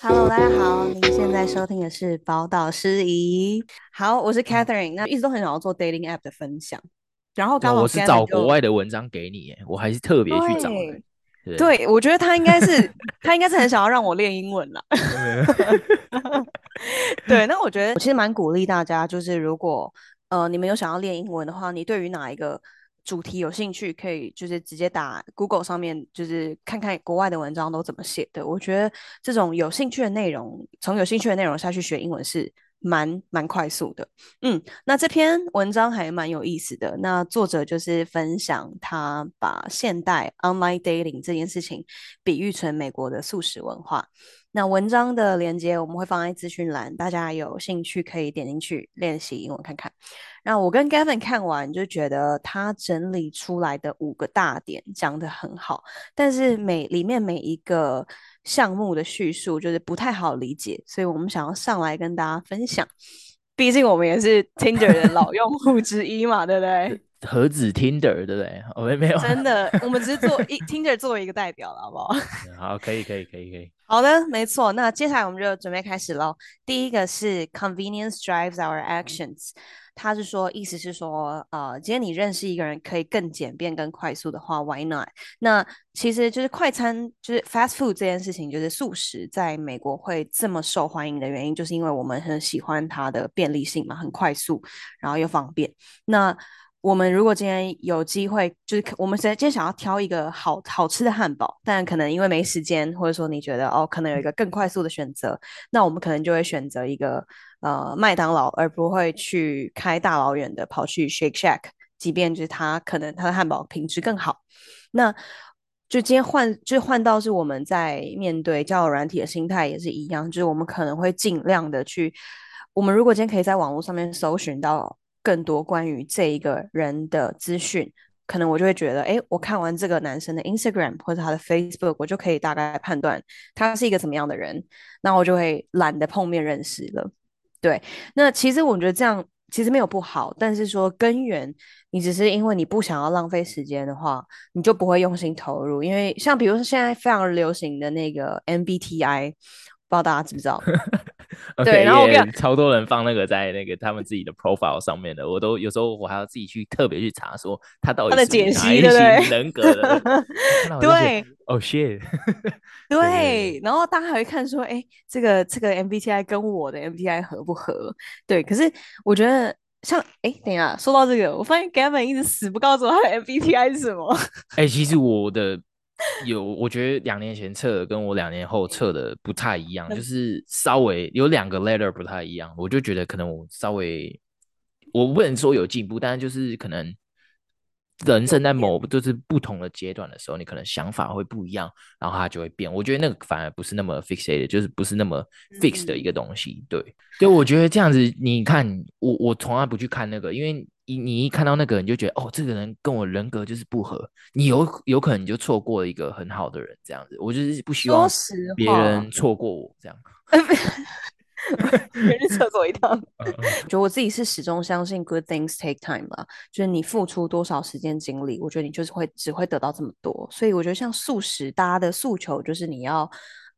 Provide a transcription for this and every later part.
Hello，大家好，您現在收聽的是寶島詩儀。好，我是 Catherine，、嗯、那一直都很想要做 dating app 的分享。然後剛，剛、哦、我是找國外的文章給你，我還是特別去找的。對，我覺得他應該是， 他應該是很想要讓我練英文啦。 對，那我覺得我其實蠻鼓勵大家，就是如果呃你們有想要練英文的話，你對於哪一個主題有興趣，可以就是直接打 Google 上面，就是看看國外的文章都怎麼寫的。我覺得這種有興趣的內容，從有興趣的內容下去學英文是。蠻蠻快速的，嗯，那這篇文章還蠻有意思的。那作者就是分享他把現代 online dating 這件事情比喻成美國的速食文化。那文章的連接我們會放在資訊欄，大家有興趣可以點進去練習英文看看。然後我跟 Gavin 看完就覺得他整理出來的五個大點講得很好，但是每裡面每一個。項目的敘述就是不太好理解，所以我們想要上來跟大家分享。畢竟我們也是 Tinder 的老用戶之一嘛， 對不對？何止 Tinder，對不對？我們沒有真的，我們只是做一 Tinder 作為一個代表了，好不好？ 好，可以，可以，可以，可以。好的，沒錯。那接下來我們就準備開始嘍。第一個是 convenience drives our actions。嗯他是說，意思是說，呃，今天你認識一個人可以更簡便、更快速的話，Why not？那其實就是快餐，就是 fast food 這件事情，就是速食在美國會這麼受歡迎的原因，就是因為我們很喜歡它的便利性嘛，很快速，然後又方便。那我們如果今天有機會，就是我們現在今天想要挑一個好好吃的漢堡，但可能因為沒時間，或者說你覺得哦，可能有一個更快速的選擇，那我們可能就會選擇一個呃麥當勞，而不會去開大老遠的跑去 shake shack，即便就是它可能它的漢堡品質更好。那就今天換，就換到是我們在面對交友軟體的心態也是一樣，就是我們可能會盡量的去，我們如果今天可以在網絡上面搜尋到。更多關於這一個人的資訊，可能我就會覺得，哎、欸，我看完這個男生的 Instagram 或者他的 Facebook，我就可以大概判斷他是一個怎麼樣的人，那我就會懶得碰面認識了。對，那其實我覺得這樣其實沒有不好，但是說根源，你只是因為你不想要浪費時間的話，你就不會用心投入。因為像比如說現在非常流行的那個 MBTI，不知道大家知不知道？ Okay, 對，然後我 yeah, 超多人放那個在那個他們自己的 profile 上面的，我都有時候我還要自己去特別去查說他到底是哪一型人格的，的對，對，哦 shit，對，然後大家還會看說，哎、欸，這個這個 MBTI 跟我的 MBTI 合不合？對，可是我覺得像，哎、欸，等一下說到這個，我發現 Gavin 一直死不告訴我他的 MBTI 是什麼。哎、欸，其實我的。 有，我覺得兩年前測的跟我兩年後測的不太一樣，就是稍微有兩個 letter 不太一樣，我就覺得可能我稍微我不能說有進步，但是就是可能人生在某就是不同的階段的時候，你可能想法會不一樣，然後它就會變。我覺得那個反而不是那麼 fixated，就是不是那麼 fixed 的一個東西。對，對，我覺得這樣子，你看我我從來不去看那個，因為。你你一看到那個人，你就覺得哦，這個人跟我人格就是不合。你有有可能就錯過一個很好的人，這樣子。我就是不希望別人錯過我這樣。去廁所一趟。我覺得我自己是始終相信 good things take time 啦，就是你付出多少時間精力，我覺得你就是會只會得到這麼多。所以我覺得像速食，大家的訴求就是你要。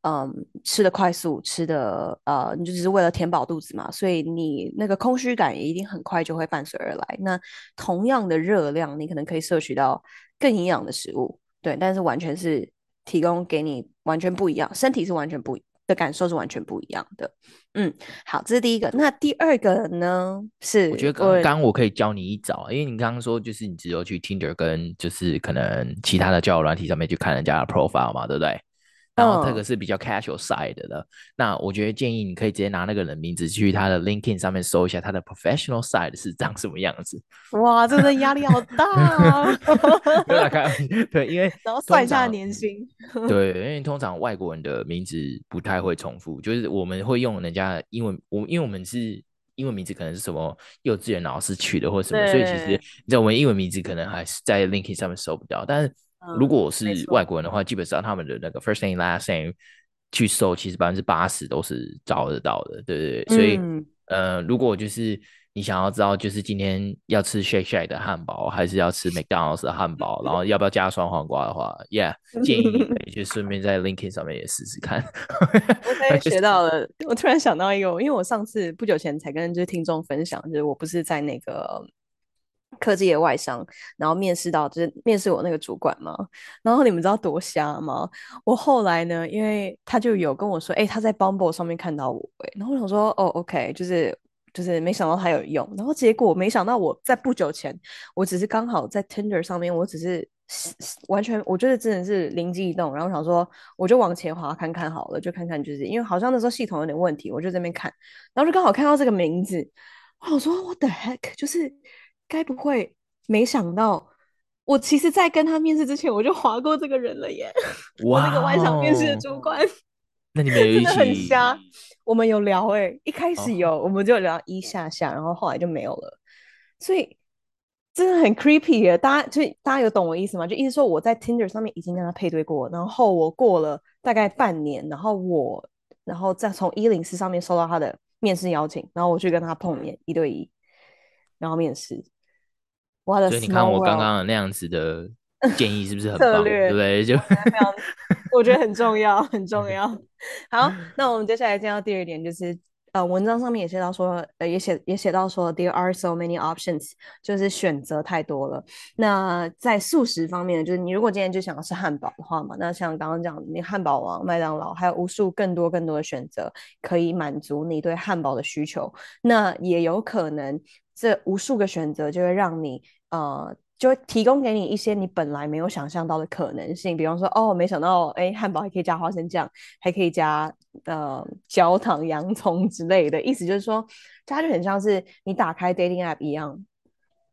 嗯，吃的快速，吃的呃，你就只是為了填飽肚子嘛，所以你那個空虛感也一定很快就會伴隨而來。那同樣的熱量，你可能可以攝取到更營養的食物，對，但是完全是提供給你完全不一樣，身體是完全不的感受是完全不一樣的。嗯，好，這是第一個。那第二個呢？是我覺得剛剛我可以教你一招，因為你剛剛說就是你只有去 Tinder 跟就是可能其他的交友軟體上面去看人家的 profile 嘛，對不對？然後這個是比較 casual side 的，的，那我覺得建議你可以直接拿那個人名字去他的 LinkedIn 上面搜一下他的 professional side 是長什麼樣子。哇，真的壓力好大啊！不要打開，對，因為然後算一下年薪。 對，因為通常外國人的名字不太會重複，就是我們會用人家的英文，我因為我們是英文名字，可能是什麼幼稚園老師取的或什麼，對所以其實你知道我們英文名字可能還是在 LinkedIn 上面搜不到，但是。如果我是外國人的話，嗯、基本上他們的那個 first name last name 去搜，其實百分之八十都是找得到的，對對對。嗯、所以，嗯、呃，如果就是你想要知道，就是今天要吃 Shake Shack 的漢堡，還是要吃 McDonald's 的漢堡， 然後要不要加酸黃瓜的話 ，Yeah，建議你可以就順便在 LinkedIn 上面也試試看。 我學到了， 我突然想到一個，因為我上次不久前才跟就是聽眾分享，就是我不是在那個。科技的外商，然後面試到就是面試我那個主管嘛。然後你們知道多瞎嗎？我後來呢，因為他就有跟我說，哎、欸，他在 Bumble 上面看到我，欸，然後我想說，哦，OK，就是就是沒想到他有用，然後結果沒想到我在不久前，我只是剛好在 Tinder 上面，我只是完全我覺得真的是靈機一動，然後我想說我就往前滑看看好了，就看看就是因為好像那時候系統有點問題，我就在那邊看，然後就剛好看到這個名字，我想說，What the heck？就是。該不會，沒想到，我其實，在跟他面試之前，我就滑過這個人了耶。Wow, 我那個外場面試的主管，那你 真的很瞎。我們有聊哎，一開始有，oh. 我們就聊一下下，然後後來就沒有了。所以真的很 creepy 耶，大家，所以大家有懂我意思嗎？就意思說我在 Tinder 上面已經跟他配對過，然後我過了大概半年，然後我然後再從一零四上面收到他的面試邀請，然後我去跟他碰面一對一，然後面試。所以你看我剛剛那樣子的建議是不是很棒？ 策略對不對？就我， 我覺得很重要，很重要。好，那我們接下來進到第二點，就是呃，文章上面也寫到說，呃，也寫也寫到說，there are so many options，就是選擇太多了。那在速食方面，就是你如果今天就想要吃漢堡的話嘛，那像剛剛講的，你漢堡王、麥當勞，還有無數更多更多的選擇可以滿足你對漢堡的需求。那也有可能這無數個選擇就會讓你。呃，就會提供給你一些你本來沒有想象到的可能性，比方說，哦，沒想到，哎，漢堡還可以加花生醬，還可以加呃焦糖洋蔥之類的。意思就是說，就它就很像是你打開 dating app 一樣，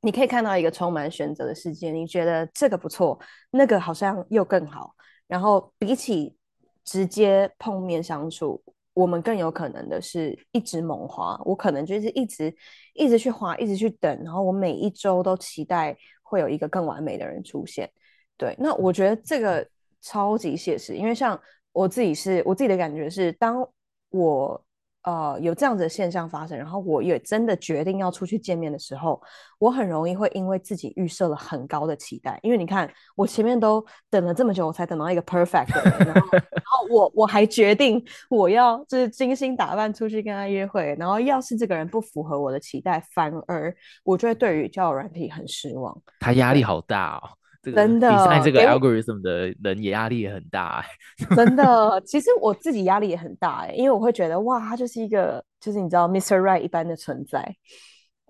你可以看到一個充滿選擇的世界。你覺得這個不錯，那個好像又更好。然後比起直接碰面相處。我們更有可能的是一直猛滑，我可能就是一直一直去滑，一直去等，然後我每一周都期待會有一個更完美的人出現。對，那我覺得這個超級現實，因為像我自己是，我自己的感覺是，當我。呃，uh, 有這樣子的現象發生，然後我也真的決定要出去見面的時候，我很容易會因為自己預設了很高的期待，因為你看我前面都等了這麼久，我才等到一個 perfect 的人， 然後然後我我還決定我要就是精心打扮出去跟他約會，然後要是這個人不符合我的期待，反而我就會對於交友軟體很失望，他壓力好大哦。真的 design 這個 algorithm 的人也壓力也很大，欸，真的。 其實我自己壓力也很大哎，欸，因為我會覺得哇，他就是一個就是你知道 Mr. Right 一般的存在。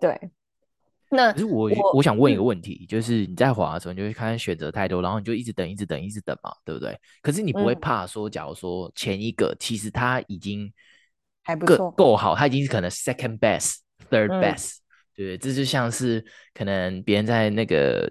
對，那如果我想問一個問題，嗯、就是你在滑的時候，你就會看選擇太多，然後你就一直等，一直等，一直等嘛，對不對？可是你不會怕說，嗯、假如說前一個其實他已經還不夠好，他已經是可能 second best third best，對不、嗯、對？這就像是可能別人在那個。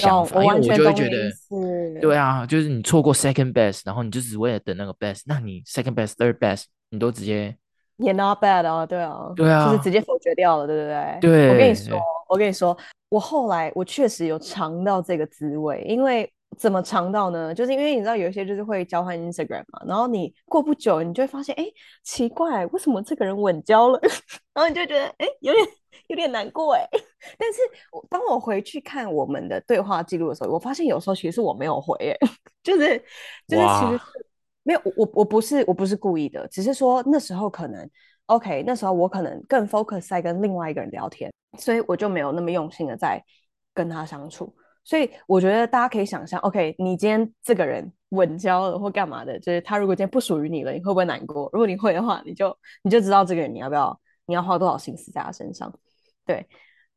想法，因為我就會覺得， 對啊，就是你錯過 second best，然後你就只為了等那個 best，那你 second best，third best，你都直接也 not bad 啊，對啊，對啊，就是直接否決掉了，對不對？對，我跟你說，我跟你說，我後來我確實有嘗到這個滋味，因為。怎麼嘗到呢？就是因為你知道，有一些就是會交換 Instagram 嘛，然後你過不久，你就會發現，哎，奇怪，為什麼這個人穩交了？然後你就會覺得，哎，有點有點難過哎。但是，當我回去看我們的對話記錄的時候，我發現有時候其實是我沒有回，哎，就是就是其實哇沒有我我不是我不是故意的，只是說那時候可能 OK，那時候我可能更 focus 在跟另外一個人聊天，所以我就沒有那麼用心的在跟他相處。所以我覺得大家可以想象，OK，你今天這個人穩交了或幹嘛的，就是他如果今天不屬於你了，你會不會難過？如果你會的話，你就你就知道這個人你要不要，你要花多少心思在他身上。對，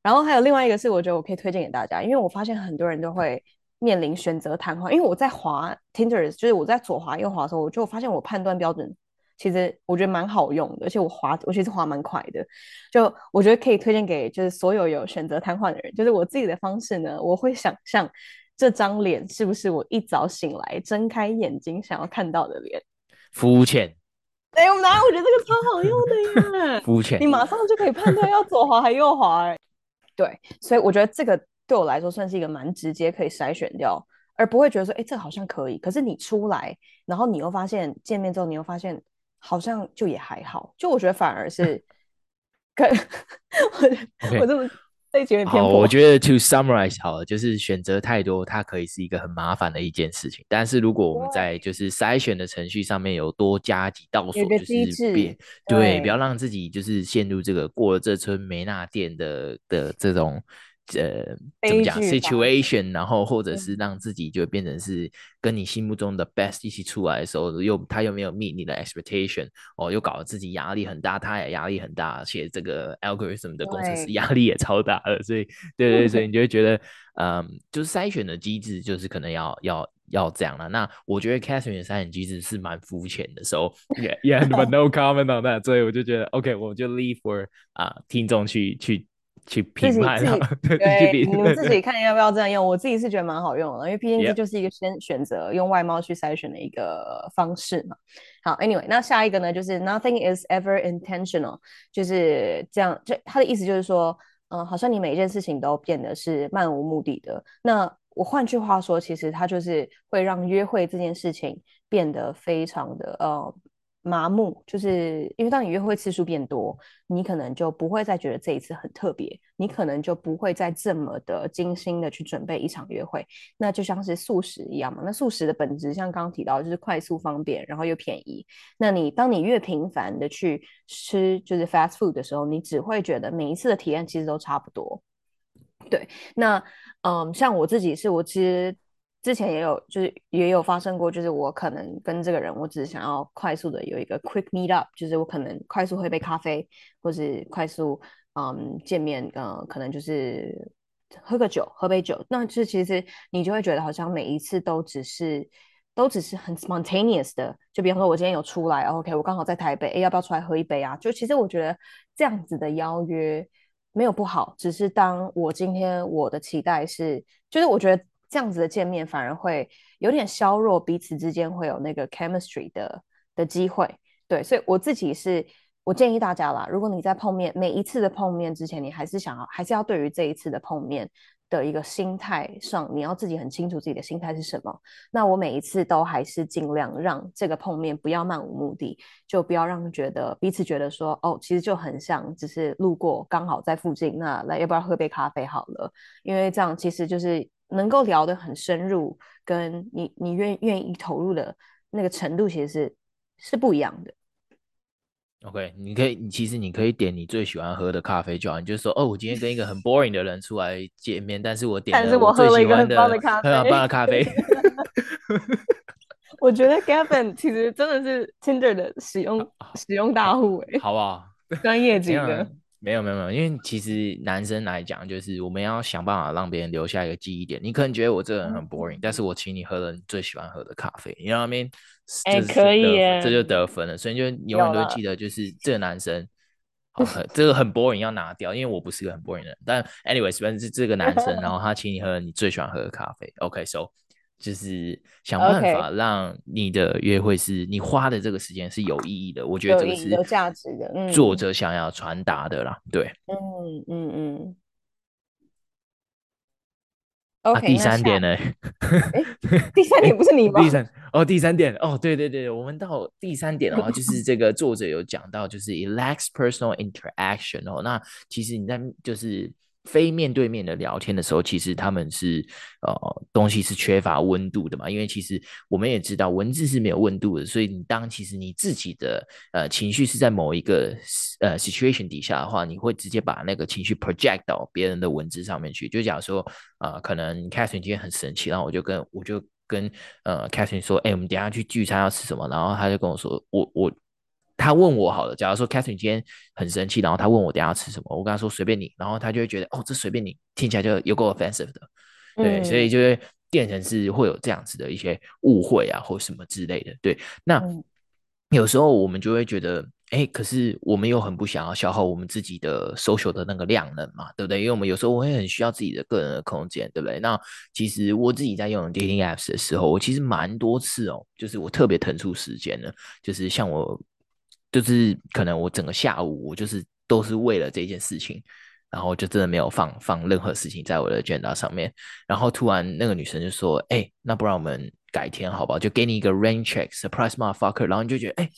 然後還有另外一個是，我覺得我可以推薦給大家，因為我發現很多人都會面臨選擇癱瘓，因為我在滑 Tinder，就是我在左滑右滑的時候，我就發現我判斷標準。其實我覺得蠻好用的，而且我滑，我其實滑蠻快的。就我覺得可以推薦給，就是所有有選擇癱瘓的人。就是我自己的方式呢，我會想象這張臉是不是我一早醒來睜開眼睛想要看到的臉。膚淺。哎、欸，我拿，我覺得這個超好用的呀。膚淺，你馬上就可以判斷要左滑還是右滑。對，所以我覺得這個對我來說算是一個蠻直接可以篩選掉，而不會覺得說，哎、欸，這個，好像可以。可是你出來，然後你又發現，見面之後你又發現。好像就也還好，就我覺得反而是，可 Okay. 我我這麼被有點偏頗我覺得 to summarize 好了，就是選擇太多，它可以是一個很麻煩的一件事情。但是，如果我們在就是篩選的程序上面有多加幾道鎖，個一就是變對，對不要讓自己就是陷入這個過了這村沒那店的的這種。呃，怎麼講劇？Situation，然後或者是讓自己就變成是跟你心目中的 best 一起出來的時候，又他又沒有 meet 你的 expectation，哦，又搞得自己壓力很大，他也壓力很大，而且這個 algorithm 的工程師壓力也超大的。對所以，對對，Okay. 所以你就會覺得，嗯，就是篩選的機制就是可能要要要這樣了，啊。那我覺得 Catherine 的篩選機制是蠻膚淺的，So yeah yeah，but no comment on that。 所以我就覺得，OK，我就 leave for 啊，uh, 聽眾去去。去自己自己對 你們自己看一下要不要這樣用，我自己是覺得蠻好用的，因為 PNG 就是一個先選擇用外貌去篩選的一個方式嘛。好，Anyway，那下一個呢，就是 Nothing is ever intentional，就是這樣，就他的意思就是說，嗯、呃，好像你每一件事情都變得是漫無目的的。那我換句話說，其實他就是會讓約會這件事情變得非常的呃。麻木，就是因為當你約會次數變多，你可能就不會再覺得這一次很特別，你可能就不會再這麼的精心的去準備一場約會，那就像是速食一樣嘛。那速食的本質，像剛剛提到，就是快速、方便，然後又便宜。那你當你越頻繁的去吃，就是 fast food 的時候，你只會覺得每一次的體驗其實都差不多。對，那嗯，像我自己是，我其實。之前也有，就是也有發生過，就是我可能跟這個人，我只是想要快速的有一個 quick meet up，就是我可能快速喝一杯咖啡，或是快速嗯見面，嗯、呃、可能就是喝個酒，喝杯酒。那這其實你就會覺得好像每一次都只是都只是很 spontaneous 的，就比方說我今天有出來，OK，我剛好在台北，哎、欸，要不要出來喝一杯啊？就其實我覺得這樣子的邀約沒有不好，只是當我今天我的期待是，就是我覺得。這樣子的見面反而會有點削弱彼此之間會有那個 chemistry 的的機會，對，所以我自己是，我建議大家啦，如果你在碰面，每一次的碰面之前，你還是想要還是要對於這一次的碰面的一個心態上，你要自己很清楚自己的心態是什麼。那我每一次都還是盡量讓這個碰面不要漫無目的，就不要讓覺得彼此覺得說哦，其實就很像只是路過，剛好在附近，那來要不要喝杯咖啡好了？因為這樣其實就是。能夠聊得很深入，跟你你願願意投入的那個程度其實是是不一樣的。OK，你可以，你其實你可以點你最喜歡喝的咖啡就好。你就說哦，我今天跟一個很 boring 的人出來見面， 但是我點的是我最喜歡的很棒的咖啡。我覺得 Gavin 其實真的是 Tinder 的使用 使用大戶、欸、好不好？專 業級的。沒有沒有沒有，因為其實男生來講，就是我們要想辦法讓別人留下一個記憶點。你可能覺得我這個人很 boring，、嗯、但是我請你喝了你最喜歡喝的咖啡 you know what I mean? 哎、欸、可以耶，這就得分了，所以就永遠都會記得，就是這個男生，要了 這個很 boring 要拿掉，因為我不是個很 boring 的人。但 anyways，反正是這個男生，然後他請你喝了你最喜歡喝的咖啡。OK，so、okay,。就是想辦法讓你的約會是，Okay. 你花的這個時間是有意義的。義，我覺得這個是有價值的。作者想要傳達的、的、嗯、的啦，對，嗯嗯嗯。嗯嗯、o、okay, K、啊、第三點呢、欸，第三點不是你嗎？哦，第三點哦，對，對對對，我們到第三點哦， 就是這個作者有講到，就是 It lacks personal interaction 哦。那其實你在就是。非面對面的聊天的時候，其實他們是呃東西是缺乏溫度的嘛，因為其實我們也知道文字是沒有溫度的，所以你當其實你自己的呃情緒是在某一個 s, 呃 situation 底下的話，你會直接把那個情緒 project 到別人的文字上面去，就假如說啊、呃，可能 Catherine 今天很神奇，然後我就跟我就跟呃 Catherine 說，哎、欸，我們等下去聚餐要吃什麼，然後他就跟我說，我我。他問我好了，假如說 Catherine 今天很生氣，然後他問我等下要吃什麼，我跟他說隨便你，然後他就會覺得，哦，這隨便你，聽起來就有夠 offensive 的，對，嗯、所以就會變成是會有這樣子的一些誤會啊，或什麼之類的。對，那、嗯、有時候我們就會覺得，哎、欸，可是我們又很不想要消耗我們自己的 social 的那個量能嘛，對不對？因為我們有時候我會很需要自己的個人的空間，對不對？那其實我自己在用 dating apps 的時候，我其實蠻多次哦，就是我特別騰出時間的，就是像我。就是可能我整個下午我就是都是為了這件事情，然後就真的沒有放放任何事情在我的 agenda 上面，然後突然那個女生就說：“哎、欸，那不然我們改天好不好？就給你一個 rain check surprise，motherfucker。”然後你就覺得：“哎、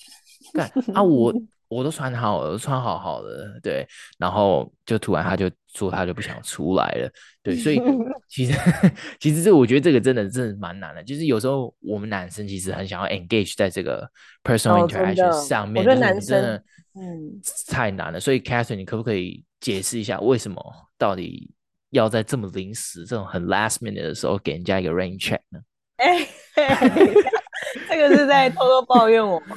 欸，幹啊我。” 我都穿好了，我都穿好好的，對，然後就突然他就說他就不想出來了，對，所以其實 其實這我覺得這個真的真的蠻難的，就是有時候我們男生其實很想要 engage 在這個 personal interaction、oh, 上面，我覺得男生真的嗯太難了，所以 Catherine 你可不可以解釋一下為什麼到底要在這麼臨時、這種很 last minute 的時候給人家一個 rain check 呢？ 這個是在偷偷抱怨我嗎？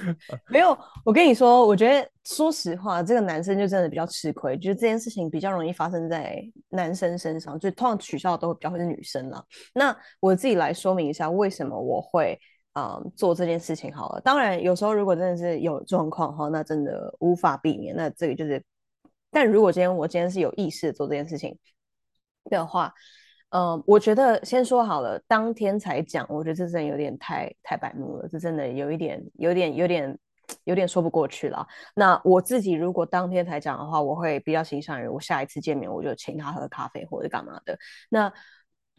沒有，我跟你說，我覺得說實話，這個男生就真的比較吃虧，就是這件事情比較容易發生在男生身上，就通常取笑都比較會是女生了。那我自己來說明一下為什麼我會啊、呃、做這件事情好了。當然，有時候如果真的是有狀況哈，那真的無法避免，那這個就是。但如果今天我今天是有意識做這件事情的話。嗯、呃，我覺得先說好了，當天才講，我覺得這真的有點太太白目了，這真的有一點，有點，有點，有點說不過去了。那我自己如果當天才講的話，我會比較傾向於我下一次見面我就請他喝咖啡或者幹嘛的。那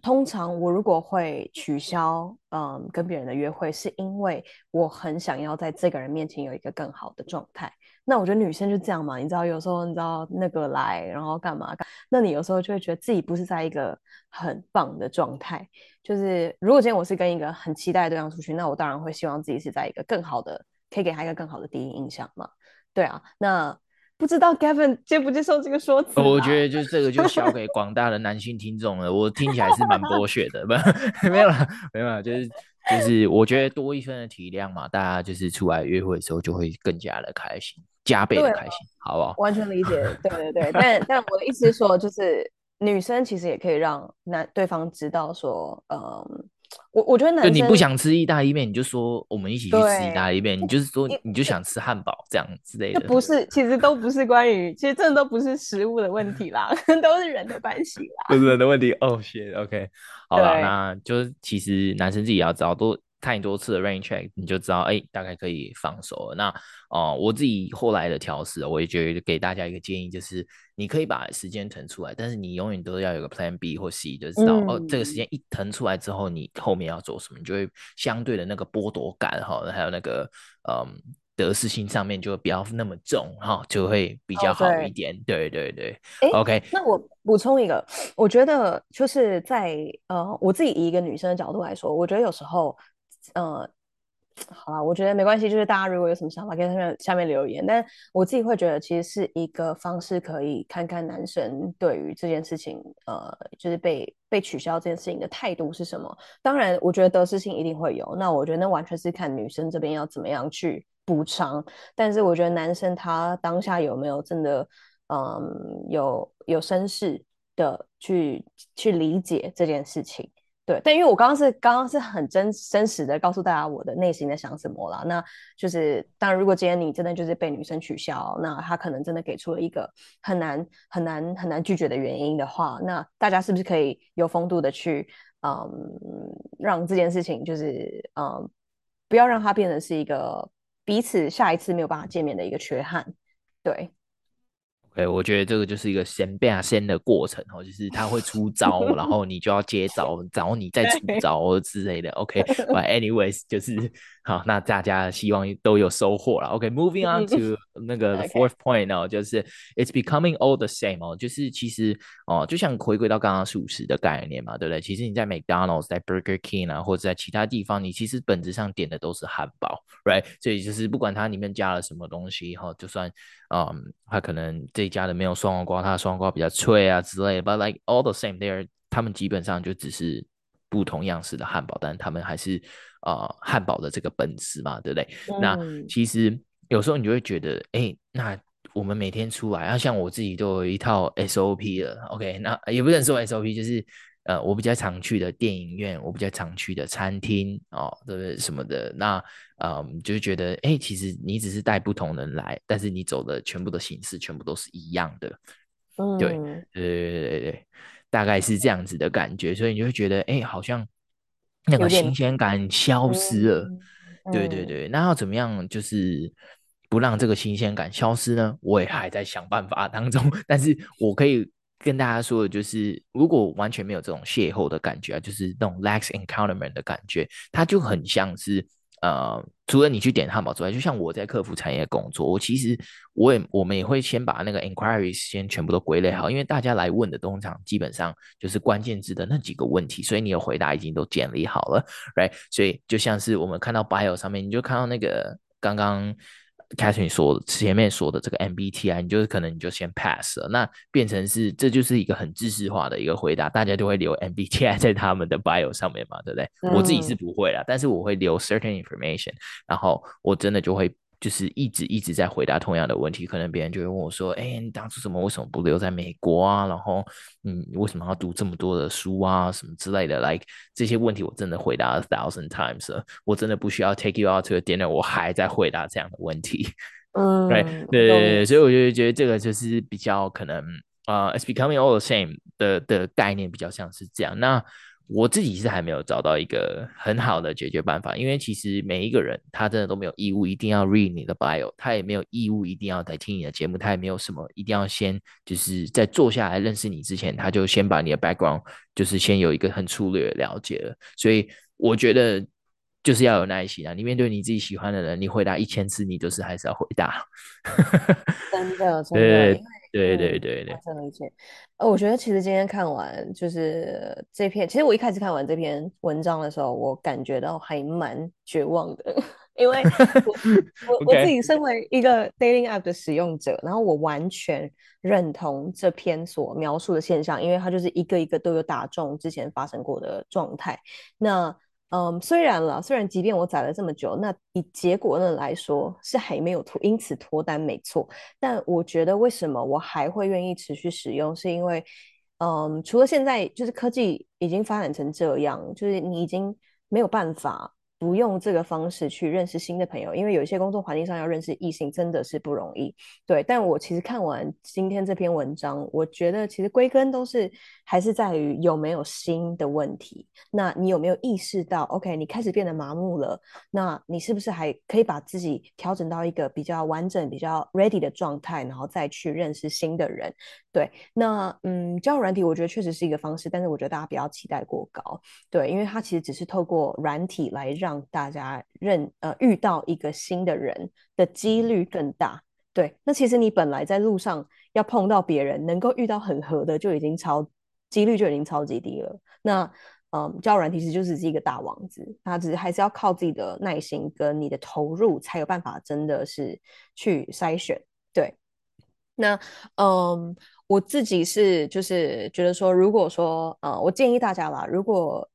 通常我如果會取消，嗯，跟別人的約會，是因為我很想要在這個人面前有一個更好的狀態。那我覺得女生就這樣嘛，你知道，有時候你知道那個來，然後幹嘛幹？那你有時候就會覺得自己不是在一個很棒的狀態。就是如果今天我是跟一個很期待的對象出去，那我當然會希望自己是在一個更好的，可以給他一個更好的第一印象嘛。對啊，那不知道 Gavin 接不接受這個說辭？我覺得就是這個就交給廣大的男性聽眾了。 我聽起來是蠻剝削的，不， 沒有了，沒有了，就是就是我覺得多一分的體諒嘛，大家就是出來約會的時候就會更加的開心。加倍的開心，了好不好？完全理解，對對對。 但但我的意思是說，就是女生其實也可以讓男對方知道說，嗯，我我覺得男生就你不想吃意大利麵，你就說我們一起去吃意大利麵；對你就是說你就想吃漢堡， 這樣之類的。不是，其實都不是關於，其實真的都不是食物的問題啦， 都是人的關係啦，都是人的問題。哦、oh okay，謝謝。OK，好了，那就是其實男生自己要知道。都太多次的 rain check，你就知道，哎、欸，大概可以放手了。那哦、呃，我自己後來的調適，我也覺得給大家一個建議，就是你可以把時間騰出來，但是你永遠都要有個 plan B 或 C，就知道、嗯、哦，這個時間一騰出來之後，你後面要做什麼，你就會相對的那個剝奪感哈，還有那個嗯得失心上面就會比較那麼重哈、哦，就會比較好一點。哦、對對對，對、欸、OK。那我補充一個，我覺得就是在呃，我自己以一個女生的角度來說，我覺得有時候。嗯、呃，好啦，我覺得沒關係，就是大家如果有什麼想法，可以在下面下面留言。但我自己會覺得，其實是一個方式，可以看看男生對於這件事情，呃，就是被被取消這件事情的態度是什麼？當然，我覺得得失心一定會有。那我覺得那完全是看女生這邊要怎麼樣去補償。但是我覺得男生他當下有沒有真的，嗯、呃，有有紳士的去去理解這件事情。對，但因為我剛剛是剛剛是很真真實的告訴大家我的內心在想什麼啦。那就是當然，如果今天你真的就是被女生取消，那她可能真的給出了一個很難很難很難拒絕的原因的話，那大家是不是可以有風度的去嗯讓這件事情就是嗯不要讓它變成是一個彼此下一次沒有辦法見面的一個缺憾？對。對，我覺得這個就是一個先變先的過程哦，就是他會出招，然後你就要接招，然後 你再出招之類的。OK，but、okay, anyways，就是好，那大家希望都有收穫了。OK，moving、okay, on to 那個 fourth point 哦，就是 it's becoming all the same 哦，就是其實哦，就像回歸到剛剛速食的概念嘛，對不對？其實你在 McDonald's、在 Burger King 啊，或者在其他地方，你其實本質上點的都是漢堡，right？所以就是不管它裡面加了什麼東西哈、哦，就算。嗯，他、um, 可能這家的沒有酸黃瓜，他的酸黃瓜比較脆啊之類的。But like all the same there，他們基本上就只是不同樣式的漢堡，但他們還是啊呃、漢堡的這個本質嘛，對不對？Yeah. 那其實有時候你就會覺得，誒、欸，那我們每天出來、啊，然後像我自己都有一套 SOP 了，OK？那也不能說 SOP，就是。呃，我比較常去的電影院，我比較常去的餐廳、哦、對不對？什麼的，那，嗯、呃，就覺得，哎、欸，其實你只是帶不同人來，但是你走的全部的形式，全部都是一樣的，嗯、對，對，對對對對，大概是這樣子的感覺，所以你就會覺得，哎、欸，好像那個新鮮感消失了，嗯嗯、對對對，那要怎麼樣就是不讓這個新鮮感消失呢？我也還在想辦法當中，但是我可以。跟大家說的就是，如果完全沒有這種邂逅的感覺啊，就是那種 lax encounter 的感覺，它就很像是呃，除了你去點漢堡之外，就像我在客服產業工作，我其實我也我們也會先把那個 inquiries 先全部都歸類好，因為大家來問的通常基本上就是關鍵字的那幾個問題，所以你的回答已經都建立好了，right？所以就像是我們看到 bio 上面，你就看到那個剛剛。Catherine 說前面說的這個 MBTI，你就是可能你就先 pass 了，那變成是這就是一個很知識化的一個回答，大家就會留 MBTI 在他們的 bio 上面嘛，對不對？我自己是不會啦，但是我會留 certain information，然後我真的就會。就是一直一直在回答同樣的問題，可能別人就會問我說：“哎、欸，你當初怎麼為什麼不留在美國啊？然後你、嗯、為什麼要讀這麼多的書啊？什麼之類的，like 這些問題我真的回答了 thousand times，我真的不需要 take you out to a dinner，我還在回答這樣的問題。嗯， Right? No 對對對，no. 所以我就覺得這個就是比較可能啊、uh，it's becoming all the same 的的概念，比較像是這樣。那我自己是還沒有找到一個很好的解決辦法，因為其實每一個人他真的都沒有義務一定要 read 你的 bio，他也沒有義務一定要在聽你的節目，他也沒有什麼一定要先就是在坐下來認識你之前，他就先把你的 background 就是先有一個很粗略的了解了。所以我覺得就是要有耐心啊！你面對你自己喜歡的人，你回答一千次，你都是還是要回答。 真對對對對、嗯，呃、啊，我覺得其實今天看完就是這篇，其實我一開始看完這篇文章的時候，我感覺到還蠻絕望的， 因為我我， Okay. 我自己身為一個 dating app 的使用者，然後我完全認同這篇所描述的現象，因為它就是一個一個都有打中之前發生過的狀態。那嗯，雖然啦，雖然即便我載了這麼久，那以結果論來說是還沒有脫，因此脫單沒錯。但我覺得為什麼我還會願意持續使用，是因為，嗯，除了現在就是科技已經發展成這樣，就是你已經沒有辦法。不用這個方式去認識新的朋友，因為有一些工作環境上要認識異性真的是不容易。對，但我其實看完今天這篇文章，我覺得其實歸根都是還是在於有沒有新的問題。那你有沒有意識到？OK，你開始變得麻木了，那你是不是還可以把自己調整到一個比較完整、比較 ready 的狀態，然後再去認識新的人？對，那嗯，交友軟體我覺得確實是一個方式，但是我覺得大家不要期待過高。對，因為它其實只是透過軟體來讓大家認呃，遇到一個新的人的幾率更大，對。那其實你本來在路上要碰到別人，能夠遇到很合的，就已經超幾率就已經超級低了。那嗯，交友軟體其實就是一個大網子，他只是還是要靠自己的耐心跟你的投入，才有辦法真的是去篩選。對。那嗯，我自己是就是覺得說，如果說呃，我建議大家啦，如果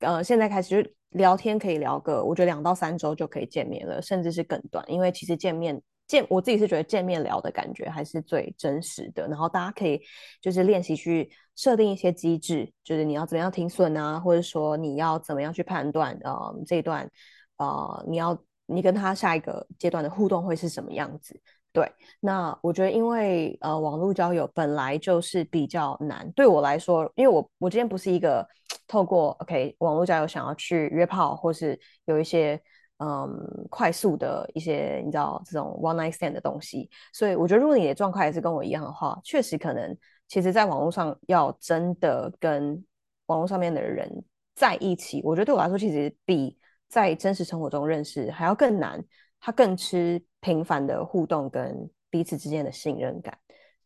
呃現在開始就。聊天可以聊個，我覺得兩到三周就可以見面了，甚至是更短，因為其實見面見我自己是覺得見面聊的感覺還是最真實的。然後大家可以就是練習去設定一些機制，就是你要怎麼樣停損啊，或者說你要怎麼樣去判斷，嗯，呃，這一段，呃，你要你跟他下一個階段的互動會是什麼樣子。對，那我覺得，因為呃，網路交友本來就是比較難。對我來說，因為我我今天不是一個透過 OK 網路交友想要去約炮，或是有一些嗯快速的一些你知道這種 one night stand 的東西。所以我覺得，如果你的狀態也是跟我一樣的話，確實可能其實在網路上要真的跟網路上面的人在一起，我覺得對我來說，其實比在真實生活中認識還要更難，它更吃。頻繁的互動跟彼此之間的信任感，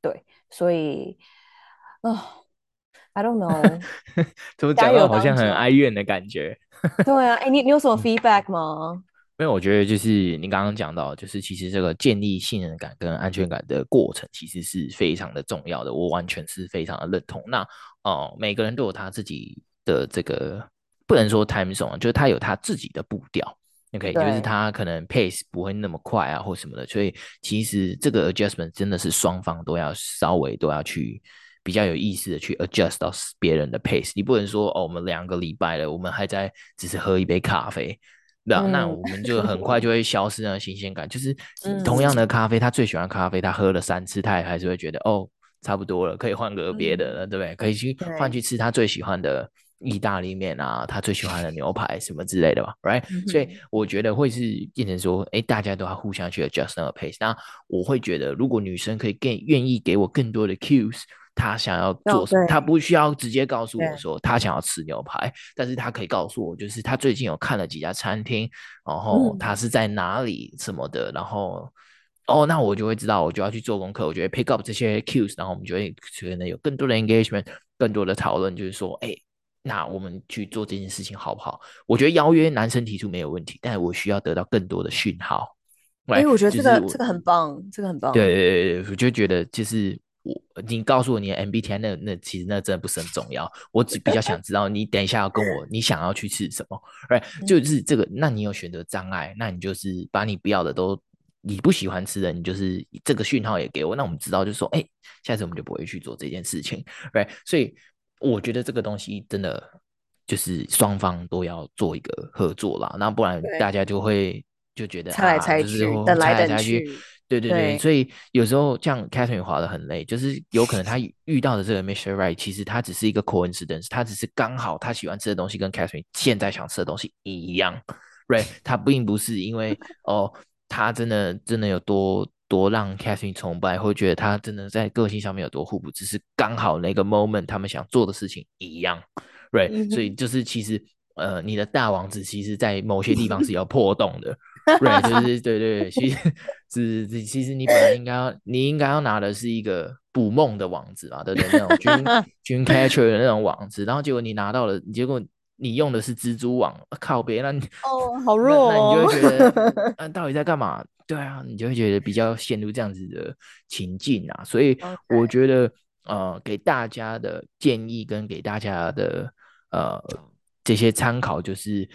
對，所以，哦 I don't know，呵呵怎麼講，好像很哀怨的感覺。對啊，哎，你你有什麼 feedback 嗎、嗯？沒有，我覺得就是你剛剛講到，就是其實這個建立信任感跟安全感的過程，其實是非常的重要的。我完全是非常的認同。那哦、呃，每個人都有他自己的這個，不能說 time zone，就是他有他自己的步調。OK，對就是他可能 pace 不會那麼快啊，或什麼的，所以其實這個 adjustment 真的是雙方都要稍微都要去比較有意識的去 adjust 到別人的 pace。你不能說哦，我們兩個禮拜了，我們還在只是喝一杯咖啡，那、嗯、那我們就很快就會消失那新鮮感。 就是同樣的咖啡，他最喜歡咖啡，他喝了三次，他也還是會覺得哦，差不多了，可以換個別的了，嗯、對不對？可以去換去吃他最喜歡的。意大利麵啊，他最喜歡的牛排什麼之類的吧，Right？所以我覺得會是變成說，哎、欸，大家都要互相去 adjust our pace。那我會覺得，如果女生可以更願意給我更多的 cues，她想要做什麼，她、oh, 對不需要直接告訴我說她想要吃牛排，對但是她可以告訴我，就是她最近有看了幾家餐廳，然後她是在哪裡什麼的，嗯、然後哦，那我就會知道，我就要去做功課，我覺得 pick up 這些 cues，然後我們就會覺得有更多的 engagement，更多的討論，就是說，哎、欸。那我們去做這件事情好不好？我覺得邀約男生提出沒有問題，但我需要得到更多的訊號。因為、欸、Right? 我覺得這個這個很棒，這個很棒。對對對，我就覺得就是我，你告訴我你的 MBTI，那那，那其實那真的不是很重要。 我只比較想知道你等一下要跟我， 你想要去吃什麼？Right、嗯、就是這個。那你有選擇障礙，那你就是把你不要的都，你不喜歡吃的，你就是這個訊號也給我。那我們知道，就是說，哎、欸，下次我們就不會去做這件事情。Right，所以。我覺得這個東西真的就是雙方都要做一個合作啦，那不然大家就會就覺得、啊、猜來猜去，哦、猜來猜去,猜來猜去。對對對，對所以有時候像 Catherine 滑得很累，就是有可能他遇到的這個 Mr. Right 其實他只是一個 coincidence，他只是剛好他喜歡吃的東西跟 Catherine 現在想吃的東西一樣 right 他並不是因為哦，他真的真的有多。多讓 Catherine 崇拜，會覺得他真的在個性上面有多互補，只是剛好那個 moment 他們想做的事情一樣 ，right？所以就是其實，呃，你的大王子其實，在某些地方是要破洞的 r、right, 就是對對，對其實，其實你本來應該你應該要拿的是一個捕夢的王子啊，對，對對？那種君君 capture 的那種王子，然後結果你拿到了，結果你用的是蜘蛛網，啊、靠別人。哦，好弱哦，那就會覺得、啊、到底在幹嘛？對啊，你就會覺得比較陷入這樣子的情境啊，所以我覺得 Okay. 呃，給大家的建議跟給大家的呃這些參考就是，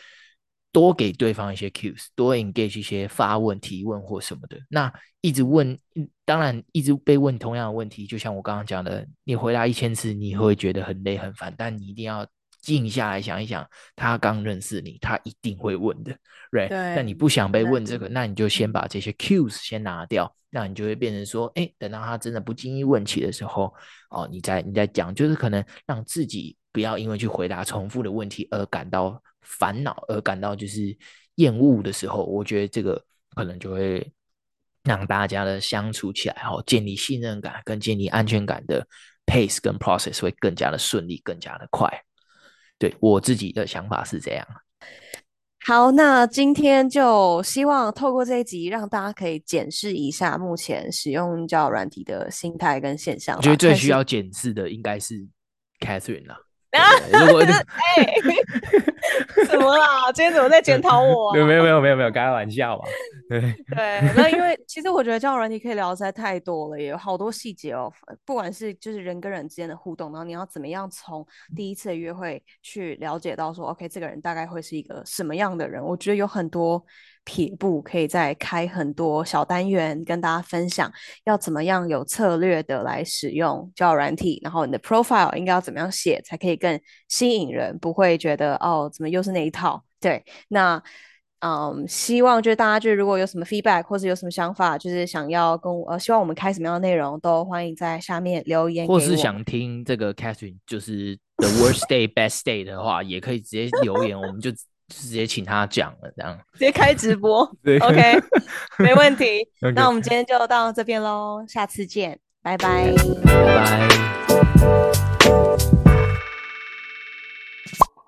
多給對方一些 cues，多 engage 一些發問、提問或什麼的。那一直問，當然一直被問同樣的問題，就像我剛剛講的，你回答一千次，你會覺得很累、很煩，但你一定要。靜下來想一想，他剛認識你，他一定會問的，right？那對你不想被問這個，嗯、那你就先把這些 Qs 先拿掉，嗯、那你就會變成說，哎、欸，等到他真的不經意問起的時候，哦，你再你再講，就是可能讓自己不要因為去回答重複的問題而感到煩惱，而感到就是厭惡的時候，我覺得這個可能就會讓大家的相處起來，哈、哦，建立信任感跟建立安全感的 pace 跟 process 會更加的順利，更加的快。對，我自己的想法是這樣。好，那今天就希望透過這一集，讓大家可以檢視一下目前使用交友軟體的心態跟現象。我覺得最需要檢視的應該是 Catherine 啦。然後，哈哈，哎， 欸、 怎麼啦？今天怎麼在檢討我、啊？ 沒有沒有沒有沒有，開玩笑吧。對 對，那因為其實我覺得交往人你可以聊的實在太多了，也有好多細節哦。不管是就是人跟人之間的互動，然後你要怎麼樣從第一次的約會去了解到說 ，OK，這個人大概會是一個什麼樣的人？我覺得有很多。鐵布可以再開很多小單元，跟大家分享要怎麼樣有策略的來使用交友軟體，然後你的 profile 應該要怎麼樣寫才可以更吸引人，不會覺得哦，怎麼又是那一套？對，那嗯，希望就是大家就如果有什麼 feedback 或是有什麼想法，就是想要跟我，呃，希望我們開什麼樣的內容，都歡迎在下面留言。或是想聽這個 Catherine 就是 the worst day, best day 的話，也可以直接留言， 我們就。直接請他講了，這樣直接開直播，對，OK，沒問題。 Okay. 那我們今天就到這邊嘍，下次見，拜拜，Okay. 拜拜。